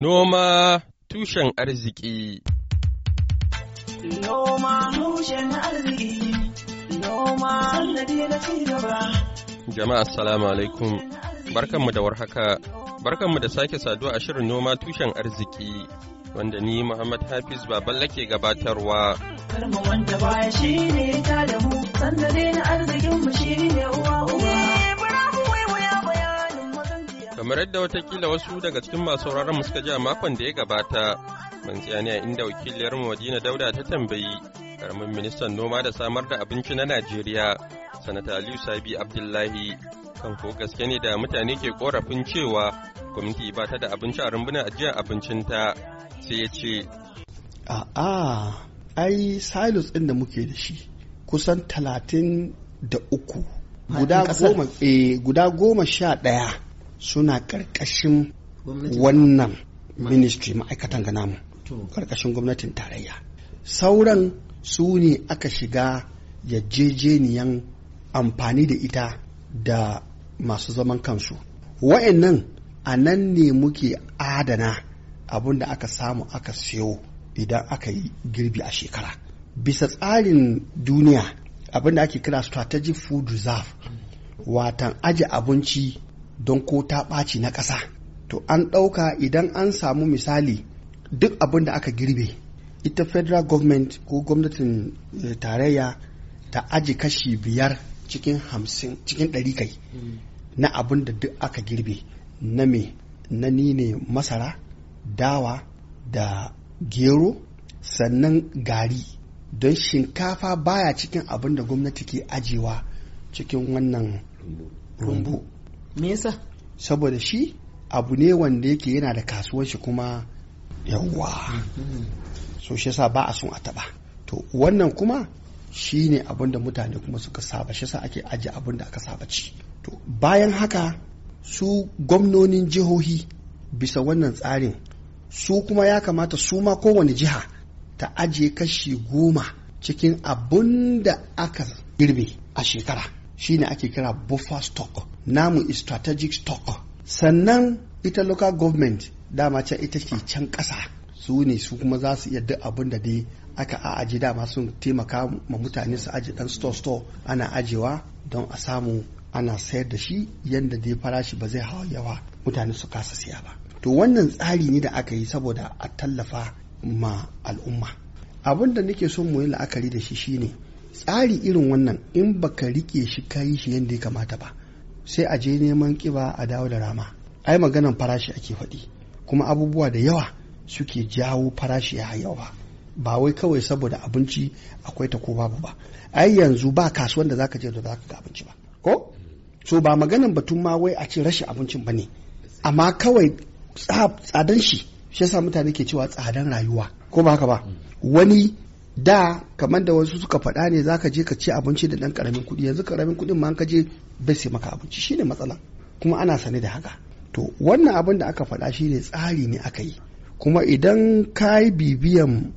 Noma tushen arziki Noma tushen arziki Noma na Jama'a assalamu alaikum barkanmu da warhaka barkanmu da sake saduwa a shirin noma tushen arziki wanda ni Muhammad Hafiz Baballe lake gabatarwa Karma wanda baya shine ta da mu sanda na arzikin mu shine uwa uwa kamar yadda watakila wasu daga cikin masu sauraron mu suka ji a makon da ya gabata mun tsaya ne inda wakiliyar mu Madina Dauda ta tambayi karamin ministan noma da samar da abinci na Najeriya sanata Aliyu Sabi Abdullahi kan ko gaske ne da mutane ke korafin cewa gwamnati ba ta da abinci a rumbunan ajiyar abincinta sai ya ce a'a ai silos ɗin da muke da shi kusan talatin da uku eh, guda goma sha ɗaya suna ƙarƙashin wannan ministry ma'aikatan ga namu ƙarƙashin gwamnatin tarayya sauran su ne aka shiga ya jejeniyan amfani da ita da masu zaman kansu wa'annan a nan ne muke adana abin da aka samu aka siyo idan aka yi girbi a shekara bisa tsarin duniya abin da ake kira strategic food reserve watan aje abinci don ko ta ɓaci na ƙasa to an ɗauka idan an samu misali duk abin da aka girbe ita federal government ko gwamnatin eh, tarayya ta aji kashi biyar cikin hamsin cikin ɗari kai mm. na abin da duk aka girbe na me na nine masara dawa da gero sannan gari don shinkafa baya cikin abin da gwamnati ke ajewa cikin wannan rumbu me yasa saboda shi abu ne wanda yake yana da kasuwar shi kuma yawwa so shi yasa ba a sun a taba to wannan kuma shi ne abin mutane kuma suka saba shi yasa ake ajiye abin aka saba ci to bayan haka su gwamnonin jihohi bisa wannan tsarin su kuma ya kamata su ma kowane jiha ta ajiye kashi goma cikin abin aka girbe a shekara shine ake kira buffer stock namu strategic stock sannan ita local government dama can ita ke can ƙasa su ne su kuma za su iya duk abin da dai aka aji dama sun taimaka ma mutane su aji dan store store ana ajewa don a samu ana sayar da shi yadda dai farashi ba zai hawa yawa mutane su kasa siya ba to wannan tsari ne da aka yi saboda a tallafa ma al'umma abin da nake son mu yi la'akari da shi shine tsari irin wannan in baka rike shi kayi shi yadda ya kamata ba sai a je neman kiba a dawo da rama ai maganan farashi ake faɗi kuma abubuwa da yawa suke jawo farashi ya yawa ba wai kawai saboda abinci akwai ta ko babu ba ai yanzu ba kasuwan da zaka je da zaka ga abinci ba ko so ba maganan batun ma wai a ce rashin abincin ne. amma kawai tsadan shi shi yasa mutane ke cewa tsadan rayuwa ko ba haka ba wani da kamar da wasu suka faɗa ne zaka je ka ci abinci da ɗan karamin kuɗi yanzu karamin kuɗin ma ka je bai sai maka abinci shine matsala kuma ana sane da haka to wannan abin da aka faɗa shine tsari ne aka yi kuma idan ka yi bibiyan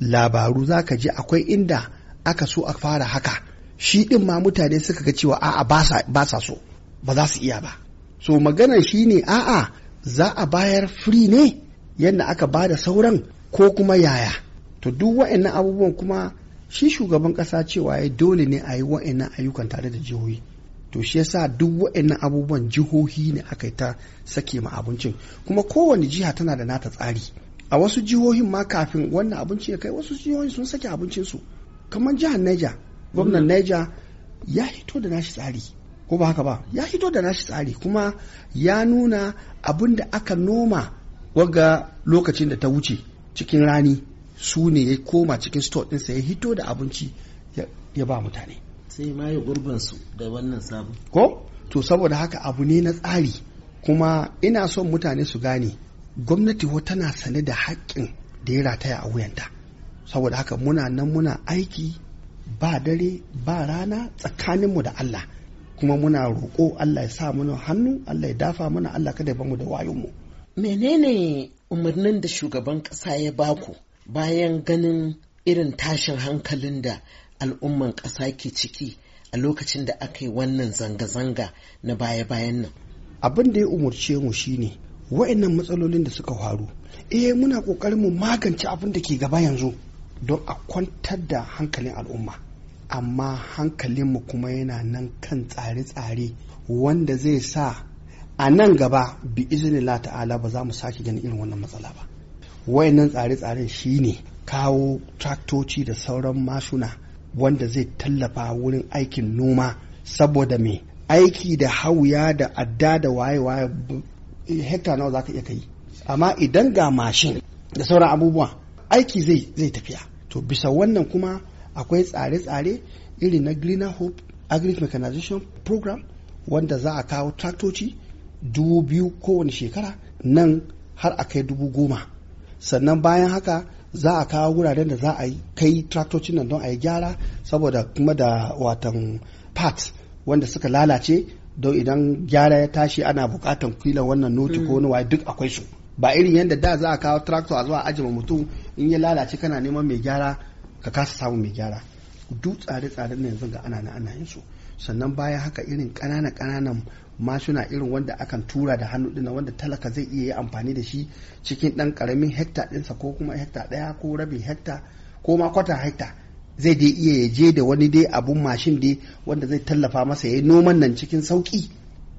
labaru za ka je akwai inda aka so a fara haka shi din ma mutane suka ga cewa a'a ba sa so ba za su iya ba so maganar shi ne a'a za a bayar free ne yadda aka ba da sauran ko kuma yaya to duk wa'annan abubuwan kuma shi shugaban ƙasa cewa ya dole ne a yi wa'annan ayyukan tare da jihohi to shi yasa duk waɗannan abubuwan jihohi ne aka yi ta sake ma abincin kuma kowane jiha tana da nata tsari a wasu jihohin ma kafin wannan abincin ya kai wasu jihohin sun sake abincin su kamar jihar Niger gwamnan mm-hmm. Niger ya hito da nashi tsari ko ba haka ba ya hito da nashi tsari kuma ya nuna abin da aka noma waga lokacin da ta wuce cikin rani su ne ya koma cikin store ɗinsa ya hito da abinci ya ba mutane sai ma ya gurbin da wannan sabon ko to saboda haka abu ne na tsari kuma ina son mutane su gane gwamnati wata tana sane da haƙƙin da ya rataya a wuyanta saboda haka muna nan muna aiki ba dare ba rana tsakaninmu da Allah kuma muna roƙo Allah ya sa mana hannu Allah ya dafa mana Allah kada ya bamu da wayonmu menene umarnin da shugaban ƙasa ya baku bayan ganin irin tashin hankalin da al'umman ƙasa ke ciki a lokacin da aka yi wannan zanga-zanga na baya-bayan nan abin da ya umarce mu shine wa'annan matsalolin da suka faru eh muna ƙoƙarin mu magance abin da ke gaba yanzu don a kwantar da hankalin al'umma amma hankalinmu kuma yana nan kan tsare-tsare wanda zai sa a nan gaba bi izinin ta'ala ba za mu sake ganin irin wannan matsala ba wayannan tsare-tsaren shine kawo traktoci da sauran mashuna wanda zai tallafa wurin aikin noma saboda mai aiki da hauya da adda da waye-waye hekta nawa za ka iya kai amma idan ga mashin da sauran abubuwa aiki zai zai tafiya to bisa wannan kuma akwai tsare-tsare irin na greener hope agric mechanization program wanda za a kawo traktoci dubu biyu kowane shekara nan har a kai dubu goma sannan bayan haka za a kawo wuraren da za a kai traktocin nan don a yi gyara saboda kuma da watan part wanda suka lalace don idan gyara ya tashi ana bukatan kila wannan noti ko hmm. wani duk akwai su ba irin yadda da za a kawo tractor a zuwa ajiye mutum in ya lalace kana neman mai gyara ka kasa samun mai gyara duk tsare tsare na yanzu ga ana na ana yin su sannan bayan haka irin ƙananan ƙananan mashina irin wanda akan tura da hannu dinnan wanda talaka zai iya yi amfani da shi cikin dan karamin hekta dinsa ko kuma hekta daya ko rabin hekta ko ma kwata hekta zai dai iya ya je da wani dai abun mashin dai wanda zai tallafa masa ya yi noman nan cikin sauki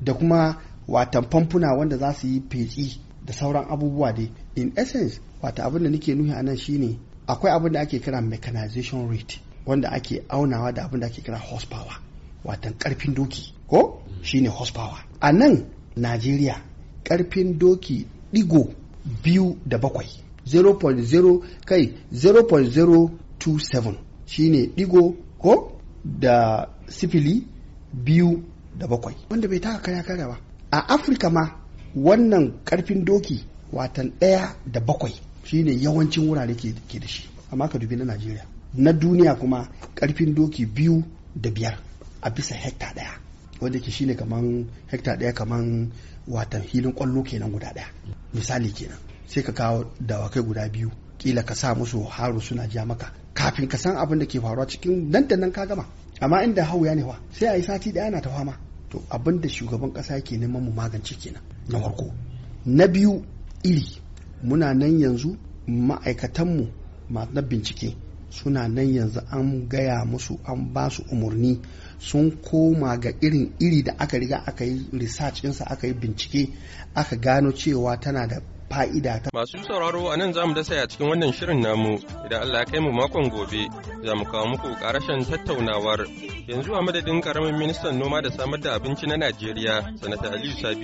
da kuma watan famfuna wanda za su yi fetsi da sauran abubuwa dai in essence wata abin da nake nuhi anan nan shine akwai abin da ake kira mechanization rate wanda ake aunawa da abin da ake kira horsepower watan karfin doki ko shine horsepower a nan najeriya karfin doki digo biyu da bakwai 0.0 kai 0.027 shine digo ko da sifili biyu da bakwai wanda bai taka kaya kare ba a afirka ma wannan karfin doki watan ɗaya da bakwai shine yawancin wurare ke da shi amma ka dubi na najeriya na duniya kuma karfin doki biyu da biyar a bisa hekta ɗaya wanda ke shine kaman hekta daya kaman watan hilin kwallo kenan guda daya misali kenan sai ka kawo dawakai guda biyu kila ka sa musu haru suna ja maka kafin ka san abin da ke faruwa cikin nan da nan ka gama amma inda hau ya newa sai a yi sati daya na ta fama to abin da shugaban kasa yake neman mu magance kenan na farko na biyu iri muna nan yanzu ma'aikatanmu na bincike suna nan yanzu an gaya musu an ba su umarni sun koma ga irin iri da aka riga aka yi research ɗinsa aka yi bincike aka gano cewa tana da fa'ida ta. Masu sauraro a nan zamu dasa a cikin wannan shirin namu idan Allah ya kai mu makon gobe za mu kawo muku karashen tattaunawar yanzu a madadin karamin ministan noma da samar da abinci na Najeriya sanata Aliyu Sabi